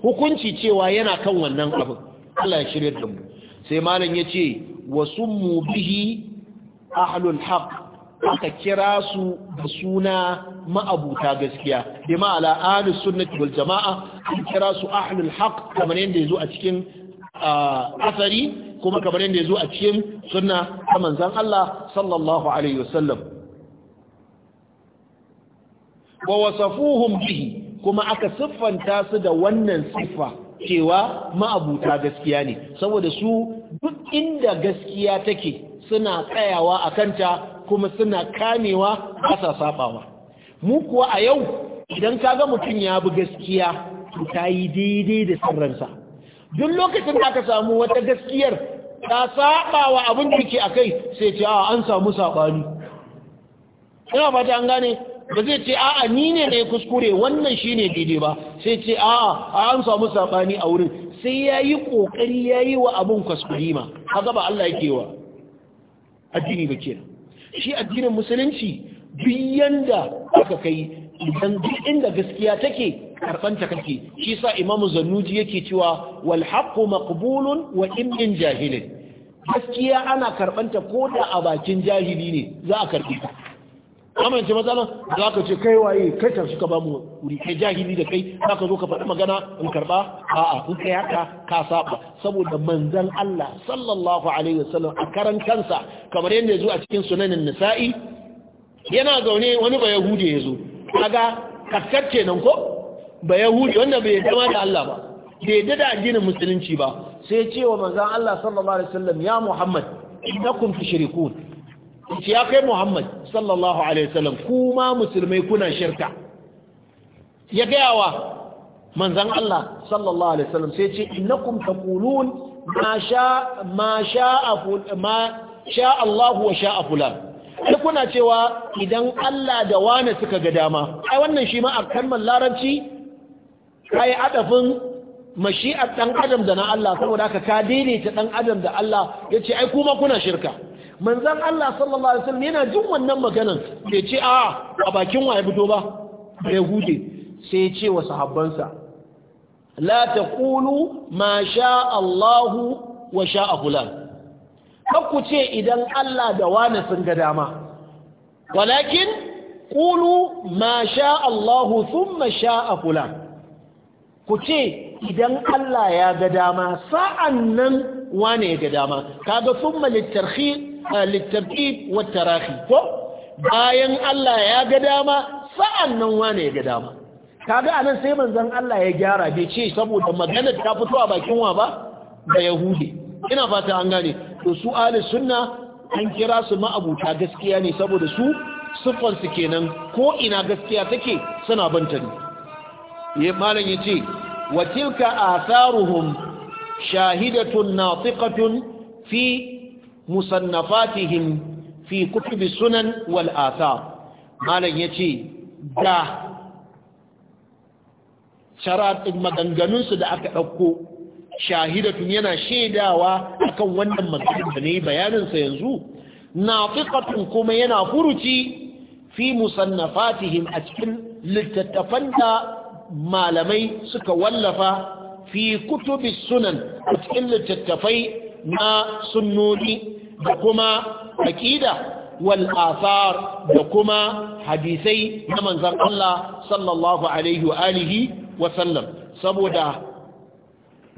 A: hukunci cewa yana kan wannan abin Allah ya shirya da mu sai malam ya ce wasu mu bihi ahlul haqq aka kira su da suna ma'abuta gaskiya bi ma'ala ahlus sunnati wal jama'a an kira su ahlul haqq kamar yadda yazo a cikin asari kuma kamar yadda yazo a cikin sunna ta manzon Allah sallallahu alaihi wasallam wa wasafuhum bihi kuma aka siffanta su da wannan siffa cewa ma'abuta gaskiya ne saboda su duk inda gaskiya take suna tsayawa a kanta kuma suna kamewa ba sa sabawa mu kuwa a yau idan ka ga mutum ya bi gaskiya to ta yi daidai da sirransa duk lokacin da aka samu wata gaskiyar ta saɓawa abin da yake akai sai ce a an samu sabani ina fata an gane ba zai ce a'a ni ne na kuskure wannan shi ne daidai ba sai ce a'a an samu sabani a wurin sai ya yi ƙoƙari ya yi wa abin kuskure ma haka ba Allah yake wa addini ba kenan shi addinin musulunci duk yanda aka kai idan duk inda gaskiya take karfanta kake shi sa imamu zannuji yake cewa wal haqqu maqbulun wa in jahilin gaskiya ana karɓanta ko da a bakin jahili ne za a karɓi ce matsala za ka ce kai waye kai tashi ka ba mu wuri kai jahili da kai za ka zo ka faɗi magana in karɓa a'a kun kai haka ka saba saboda manzan Allah sallallahu alaihi wasallam a karantansa kamar yadda ya zo a cikin sunanin nisa'i yana zaune wani ba yahudi ya zo kaga kaskacce nan ko ba yahudi wanda bai yarda da Allah ba bai yarda da addinin musulunci ba sai ce wa manzan Allah sallallahu alaihi wasallam ya Muhammad innakum tushrikun ya kai Muhammad sallallahu alaihi wasallam kuma musulmai kuna shirka ya gaya wa manzan Allah sallallahu alaihi wasallam sai ce innakum taqulun ma sha ma ma sha Allah wa sha'a fulan sai kuna cewa idan Allah da wane suka ga dama ai wannan shi ma a kalmar larabci ai adafin mashi'ar dan adam da na Allah saboda haka ka daidaita dan adam da Allah yace ai kuma kuna shirka manzan Allah sallallahu alaihi wasallam yana jin wannan maganan Ke ce a a bakin waye fito ba bai hude sai ya ce wa sahabbansa la Kulu ma sha Allahu wa sha fulan ku ce idan Allah da wani sun ga dama walakin Kulu ma sha Allahu ma sha fulan ku ce idan Allah ya ga dama sa'an nan wane ya ga dama kaga sun malittarki eh, wa tarahi ko bayan Allah ya ga dama sa'an nan wane ya ga dama kaga anan sai manzan Allah ya gyara bai ce saboda magana ta fito a bakin wa ba da yahudi ina fata an gane to su ali sunna an kira su ma'abuta gaskiya ne saboda su siffarsu kenan ko ina gaskiya take suna banta ne malam ya ce wa tilka atharuhum shahidatun natiqatun fi musannafatihim fi kutubi sunan wal athar malam yace da sharat maganganun su da aka dauko shahidatun yana shaidawa akan wannan maganar da ne bayanin sa yanzu natiqatun kuma yana furuci fi musannafatihim a cikin littattafan da malamai suka wallafa fi kutubi sunan a cikin littattafai na sunnoni da kuma aƙida wal'afar da kuma hadisai na manzan Allah sallallahu Alaihi wa alihi saboda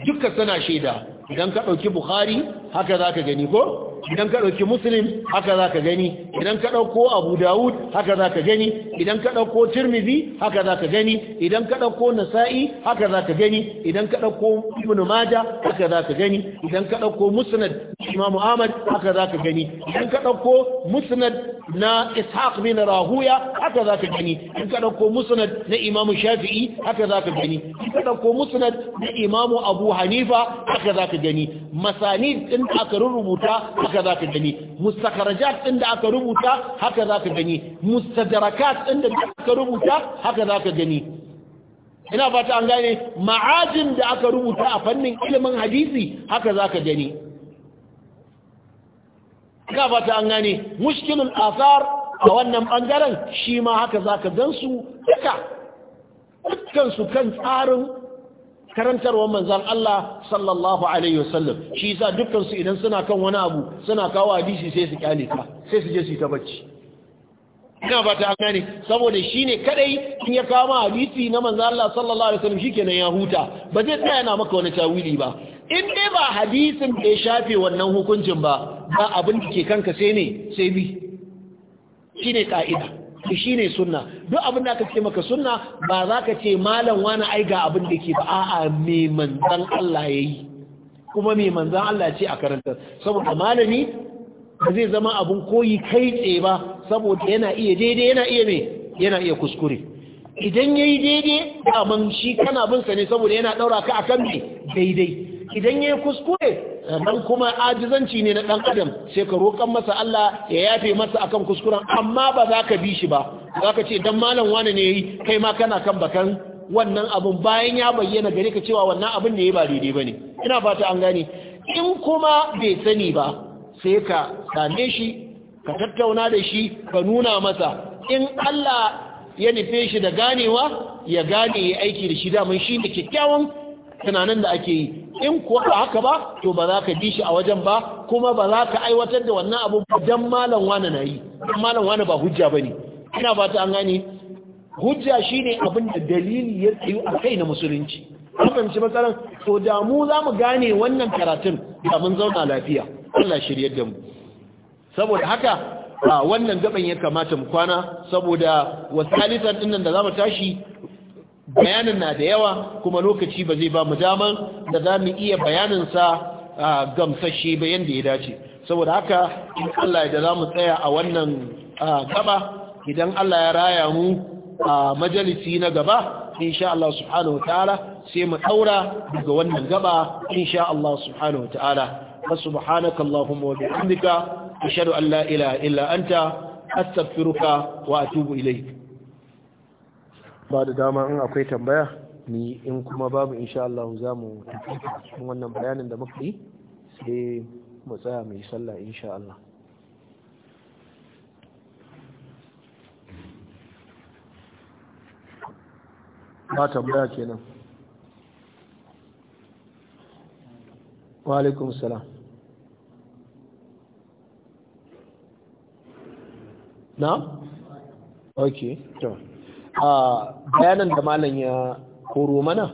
A: duka suna shaida idan ka ɗauki Bukhari haka za ka gani ko? idan ka ɗauki muslim haka za ka gani idan ka ɗauko abu dawud haka za ka gani idan ka ɗauko tirmidhi haka za ka gani idan ka ɗauko nasa'i haka za ka gani idan ka ɗauko ibn maja haka za ka gani idan ka ɗauko musnad imam ahmad haka za ka gani idan ka ɗauko musnad na ishaq bin rahuya haka za ka gani idan ka ɗauko musnad na imam shafi'i haka za ka gani idan ka ɗauko musnad na imam abu hanifa haka za ka gani masanid din aka rubuta haka haka za ka gani mustakarajat ɗin da aka rubuta haka za ka gani mustadarakat ɗin da aka rubuta haka za ka gani ina fata an gane ma'ajin da aka rubuta a fannin ilimin hadisi haka za ka gani ina fata an gane mushkilul asar a wannan bangaren shi ma haka za ka gansu duka dukkansu kan tsarin karantarwar manzan Allah sallallahu alaihi wasallam shi yasa dukkan su idan suna kan wani abu suna kawo hadisi sai su kyale ka sai su je su ta bacci ina ba ta ne saboda shine kadai in ya kama hadisi na manzan Allah sallallahu alaihi wasallam shikenan ya huta ba zai tsaya yana maka wani tawili ba in dai ba hadisin da ya shafe wannan hukuncin ba ba abin da ke kanka sai ne sai bi shine ka'ida to ne sunna duk abin da aka ce maka sunna ba za ka ce malam wani ai ga abin da ke ba a'a me manzan Allah ya yi, kuma me manzan Allah ce a karanta saboda malami ba zai zama abin koyi kai tsaye ba saboda yana iya daidai yana iya yana iya kuskure idan ya yi daidai daman shi kana bin sa ne saboda yana ɗaura ka akan me daidai idan ya yi kuskure nan kuma ajizanci ne na ɗan adam sai ka roƙon masa Allah ya yafe masa akan kuskuren amma ba za ka bi shi ba za ka ce dan malam wani ne yi kai ma kana kan bakan wannan abun bayan ya bayyana gare ka cewa wannan abun ne ya ba daidai ba ne ina fata an gane in kuma bai sani ba sai ka same shi ka tattauna da shi ka nuna masa in Allah ya nufe shi da ganewa ya gane ya aiki da shi daman shi ne kyakkyawan tunanin da ake yi in kuwa ka haka ba to ba za ka bi shi a wajen ba kuma ba za ka aiwatar da wannan abu dan malam wani na yi dan malam wani ba hujja ba ne ina ba ta an gane hujja shine abin da dalili ya tsayu a kai na musulunci an fahimci matsalan to da mu za mu gane wannan karatun da mun zauna lafiya Allah shiryar da mu saboda haka wannan gaban ya kamata mu kwana saboda wasalisan dinnan da za mu tashi bayanin na da yawa kuma lokaci ba zai ba mu daman da za mu iya bayaninsa gamsashe ba yadda ya dace saboda haka in Allah ya za mu tsaya a wannan gaba idan Allah ya raya mu a majalisi na gaba insha Allah subhanahu wa ta'ala sai mu daura daga wannan gaba insha Allah subhanahu wa ta'ala subhanaka allahumma wa bihamdika ashhadu an la ilaha illa anta astaghfiruka wa ba da dama in akwai tambaya ni in kuma babu insha Allah za mu tafi cikin wannan bayanin da muka yi sai mu tsaya mai sallah insha Allah ba tambaya kenan wa alaikum salam na? ok to a bayanan da malam ya koro mana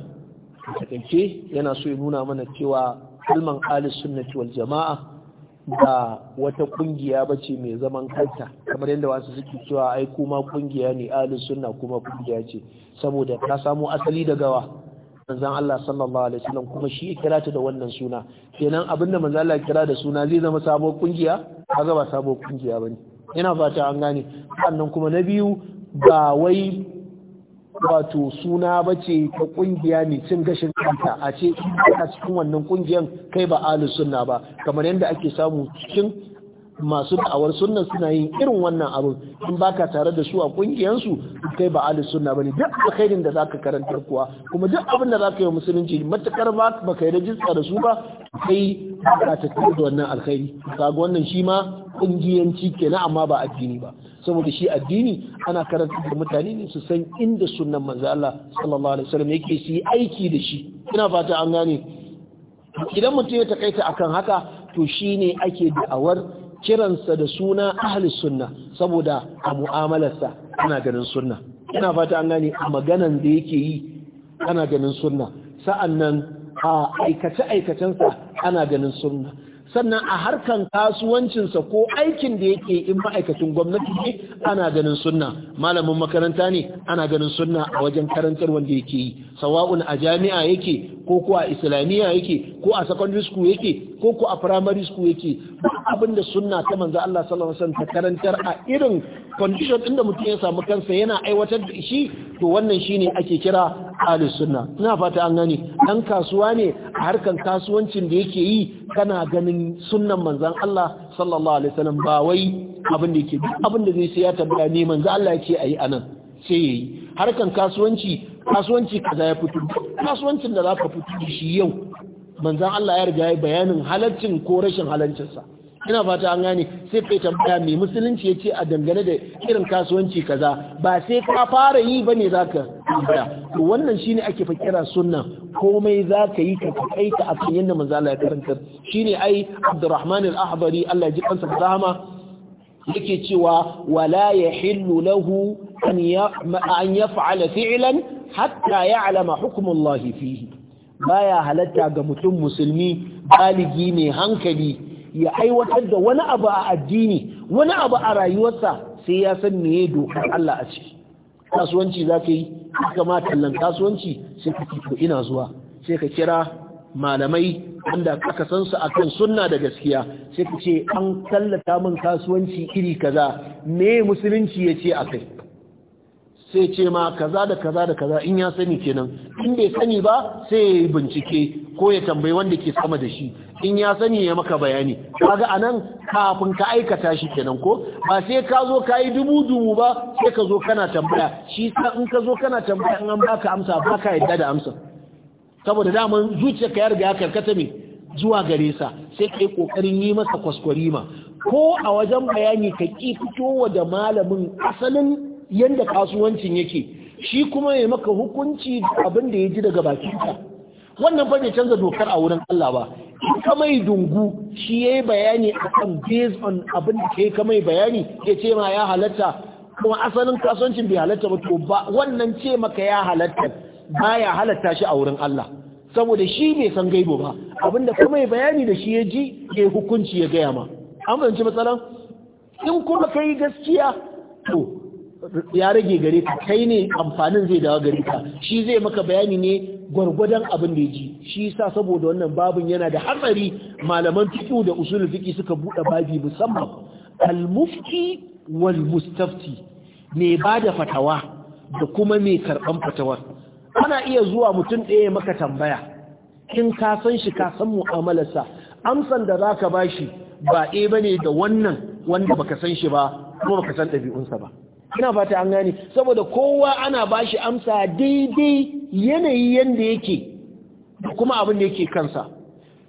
A: takaice yana so ya nuna mana cewa kalman alis sunnati wal jama'a ba wata kungiya bace mai zaman kanta kamar yadda wasu suke cewa ai kuma kungiya ne alis sunna kuma kungiya ce saboda ta samo asali da gawa manzon Allah sallallahu alaihi wasallam kuma shi ya kira ta da wannan suna kenan abinda manzon Allah ya kira da suna zai zama sabuwar kungiya kaga ba sabuwar kungiya bane yana fata an gane sannan kuma na biyu ba wai wato suna bace ta kungiya mai cin gashin kanta a ce a cikin wannan kungiyan kai ba ahlus sunna ba kamar yadda ake samu cikin masu da'awar sunna suna yin irin wannan abin in baka tare da su a su kai ba ahlus sunna bane duk alkhairin da zaka karantar kuwa kuma duk abin da zaka yi musulunci matakar ba baka yi rajista da su ba kai ba ta tattare da wannan alkhairi kaga wannan shi ma kungiyanci kenan amma ba addini ba saboda shi addini ana karanta da mutane ne su san inda sunan manzo Allah sallallahu alaihi wasallam yake su aiki da shi ina fata an gane idan mutum ya takaita akan haka to shine ake da'awar kiransa da suna ahli sunna saboda a mu'amalarsa ana ganin sunna ina fata an gane a maganan da yake yi ana ganin sunna sa'annan a aikace-aikacensa ana ganin sunna sannan a harkan kasuwancinsa ko aikin da yake in ma'aikacin gwamnati ne ana ganin sunna malamin makaranta ne ana ganin sunna a wajen karantar wanda yake yi sawa'un a jami'a yake ko kuwa a islamiyya yake ko a secondary school yake ko ku a primary school yake abin da sunna ta manzo Allah sallallahu alaihi wasallam ta karantar a irin condition din da mutum ya samu kansa yana aiwatar da shi to wannan shine ake kira Ali sunna ina fata an gane dan kasuwa ne a harkan kasuwancin da yake yi kana ganin sunnan manzan Allah sallallahu alaihi wasallam ba wai abin da yake abin da zai sai ya tabbata ne manzo Allah yake ayi anan sai yayi harkan kasuwanci kasuwanci kaza ya fito kasuwancin da za ka fito shi yau manzan Allah ya riga ya bayanin halaccin ko rashin halaccinsa sa ina fata an gane sai kai mai musulunci ya ce a dangane da irin kasuwanci kaza ba sai ka fara yi ba ne za ka tambaya to wannan shine ake kira sunna komai za ka yi ka kai a kan yadda manzo Allah ya karanta shine ai Abdurrahman al-Ahbari Allah ya ji kansa da rahama yake cewa wala yahillu lahu an yaf'ala fi'lan hatta ya'lama hukmullahi fihi baya halatta ga mutum musulmi baligi mai hankali ya aiwatar da wani abu a addini wani abu a rayuwarsa sai ya san meye dokar Allah a ciki kasuwanci za ka yi kamata tallan kasuwanci sai ka fito ina zuwa sai ka kira malamai wanda aka san su akan sunna da gaskiya sai ka ce an tallata min kasuwanci iri kaza me musulunci ya ce akai sai ce ma kaza da kaza da kaza in ya sani kenan in bai sani ba sai ya bincike ko ya tambayi wanda ke sama da shi in ya sani ya maka bayani kaga anan kafin ka aikata shi kenan ko ba sai ka zo ka yi dubu dubu ba sai ka zo kana tambaya shi sa in ka zo kana tambaya in an baka amsa baka yadda da amsa saboda daman zuciya ka yarda ya karkata me zuwa gare sa sai kai kokarin yi masa kwaskwari kwaskwarima ko a wajen bayani ka ki wa da malamin asalin yanda kasuwancin yake shi kuma ya maka hukunci abin da ya ji daga bakinka wannan fa bai canza dokar a wurin Allah ba ka mai dungu shi yayi bayani kan based on abin da kai kamai bayani ya ce ma ya halatta kuma asalin kasuwancin bai halatta ba to ba wannan ce maka ya halatta baya halatta shi a wurin Allah saboda shi bai san gaibo ba abinda kuma mai bayani da shi ya ji ke hukunci ya gaya ma an fahimci matsalan in kuma kai gaskiya to ya rage gare ka kai ne amfanin zai dawo gare ka shi zai maka bayani ne gwargwadon abin da ya ji shi sa saboda wannan babin yana da hatsari malaman fiƙo da usulun fiƙi suka buɗe babi musamman Almufki wal mustafti ne ba da fatawa da kuma mai karɓan fatawar ana iya zuwa mutum ɗaya maka tambaya in ka san shi ka san mu'amalarsa amsan da zaka bashi ba ɗaya ne da wannan wanda baka san shi ba kuma baka san ɗabi'unsa ba ina fata an gane saboda kowa ana bashi amsa daidai yanayi yadda yake da kuma abin da yake kansa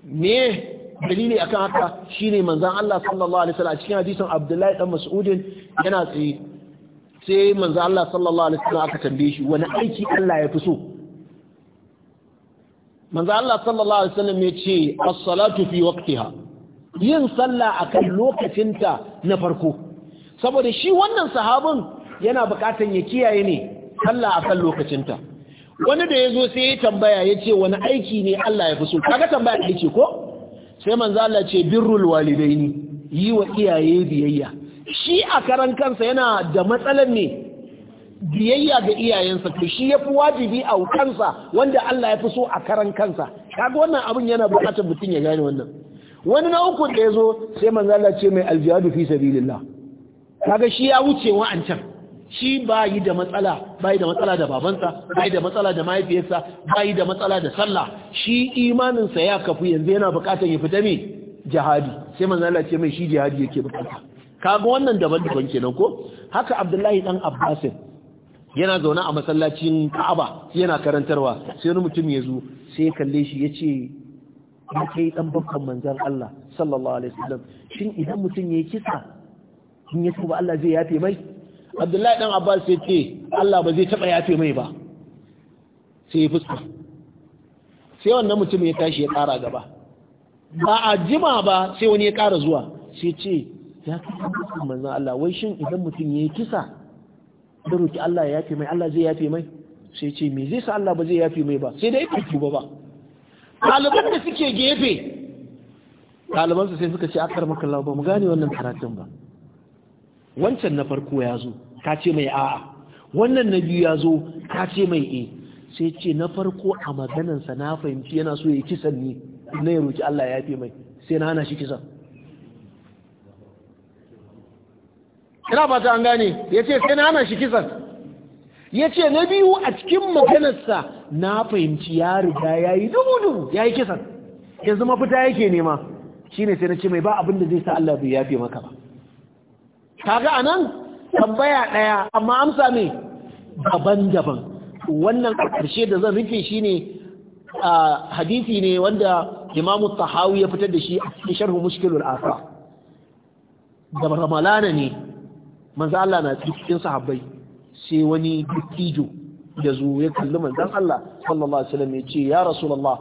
A: me dalili akan haka shine manzon Allah sallallahu alaihi wasallam cikin hadisin Abdullahi dan Mas'udin yana tsaye sai manzon Allah sallallahu alaihi wasallam aka tambaye shi wani aiki Allah ya fi so manzon Allah sallallahu alaihi wasallam ya ce as-salatu fi waqtiha yin sallah akan lokacinta na farko saboda shi wannan sahabin yana bukatan ya kiyaye ne sallah akan lokacinta wani da ya zo sai ya tambaya ya ce wani aiki ne Allah ya fi so kaga tambaya da ce ko sai manzo Allah ce birrul walidaini yi wa iyaye biyayya shi a karan kansa yana da matsalar ne biyayya ga iyayensa to shi yafi wajibi a kansa wanda Allah ya fi so a karan kansa kaga wannan abun yana bukatar mutum ya gane wannan wani na uku da ya zo sai manzo Allah ce mai aljihadu fi sabilillah kaga shi ya wuce wa'ancan shi ba yi da matsala ba yi da matsala da babansa ba yi da matsala da mahaifiyarsa ba yi da matsala da sallah shi imaninsa ya kafu yanzu yana bukatar ya fita mai jihadi sai manzan Allah ce mai shi jihadi yake bukata kaga wannan daban-daban kenan ko haka Abdullahi dan Abbas yana zaune a masallacin Ka'aba yana karantarwa sai wani mutum ya zo sai kalle shi ce ya kai dan babban manzan Allah sallallahu alaihi wasallam shin idan mutum yayi kisa in ya tuba Allah zai yafe mai abdullahi dan abbas ya ce Allah ba zai taba yafe mai ba sai ya fuska sai wannan mutum ya tashi ya kara gaba ba a jima ba sai wani ya kara zuwa sai ce ya kasa manzon Allah wai shin idan mutum yi kisa da roki Allah ya yafe mai Allah zai yafe mai sai ce me zai sa Allah ba zai yafe mai ba sai dai fiki ba ba ɗaliban da suke gefe ɗalibansu sai suka ce akar maka ba mu gane wannan karatun ba wancan na farko ya zo ka ce mai a'a wannan na biyu ya zo ka ce mai e sai ce na farko a maganansa na fahimci yana so ya kisan ne na ya roki Allah ya fi mai sai na hana shi kisan ina ba an gane ya ce sai na hana shi kisan ya ce na biyu a cikin maganarsa na fahimci ya riga ya yi dubu-dubu ya yi kisan yanzu mafita yake nema shine sai na ce mai ba abin da zai sa Allah bai yafe maka ba kaga anan tambaya daya amma amsa ne daban-daban wannan karshe da zan rufe shine hadisi ne wanda Imam Tahawi ya fitar da shi a cikin sharhu Mushkilul Asar da Ramalana ne manzo Allah na cikin sahabbai sai wani dattijo ya zo ya kalli manzon Allah sallallahu alaihi wasallam ya ce ya Rasulullah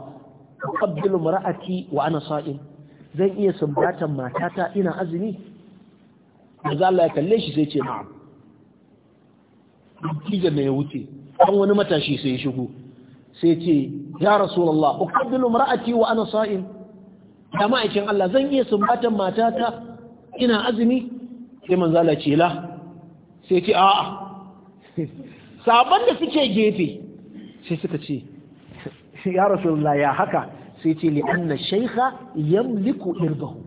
A: qabbilu mar'ati wa ana sa'im zan iya sumbatan matata ina azumi manzo Allah ya kalle shi sai ce na'am kija ne ya wuce dan wani matashi sai ya shigo sai ce ya rasulullah uqaddilu mar'ati wa ana sa'in da ma'aikin Allah zan iya sumbatan matata ina azumi sai manzo Allah ce la sai ce a'a sabon da suke gefe sai suka ce ya rasulallah ya haka sai ce li'an li anna shaykha yamliku irbahu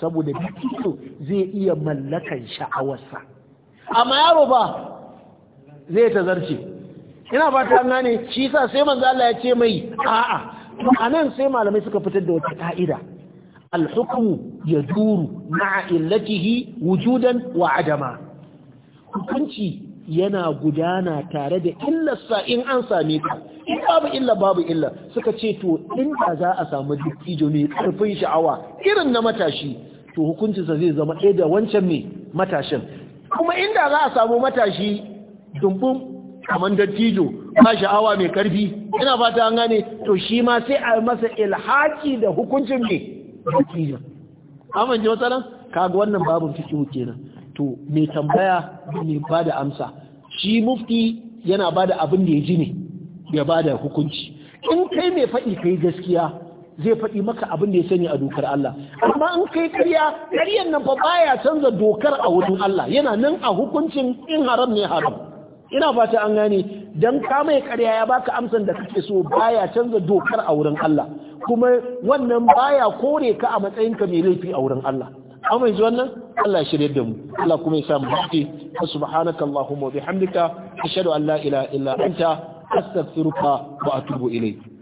A: saboda bikiyo zai iya mallakan sha'awarsa amma yaro ba zai ta zarce ina fata gane shi sa sai manzo Allah ya ce mai a'a to anan sai malamai suka fitar da wata ka'ida al duru yaduru ma'a illatihi wujudan wa adama hukunci yana gudana tare da illarsa in an same ka in babu illa babu illa suka ce to inda za a samu dattijo mai karfin sha'awa irin na matashi to hukuncinsa zai zama ɗaya da wancan mai matashin kuma inda za a samu matashi dumbun kamar dattijo ba sha'awa mai karfi ina fata an gane to shi ma sai a masa ilhaki da hukuncin mai dattijo amince matsalan kaga wannan babin fikihu kenan to mai tambaya mai ba da amsa shi mufti yana ba da abin da ya ji ne ya ba da hukunci in kai mai faɗi kai gaskiya zai faɗi maka abin da ya sani a dokar Allah amma in kai karya, ƙaryan nan fa ya canza dokar a wurin Allah yana nan a hukuncin in haram ne haram ina fata an gane dan ka mai kariya ya baka amsan da kake so baya canza dokar a wurin Allah kuma wannan baya kore ka a matsayinka mai laifi a wurin Allah amma yanzu wannan Allah shirye da mu Allah kuma ya sa mu dace subhanaka allahumma wa bihamdika ashhadu an la ilaha illa anta astaghfiruka wa atubu ilayk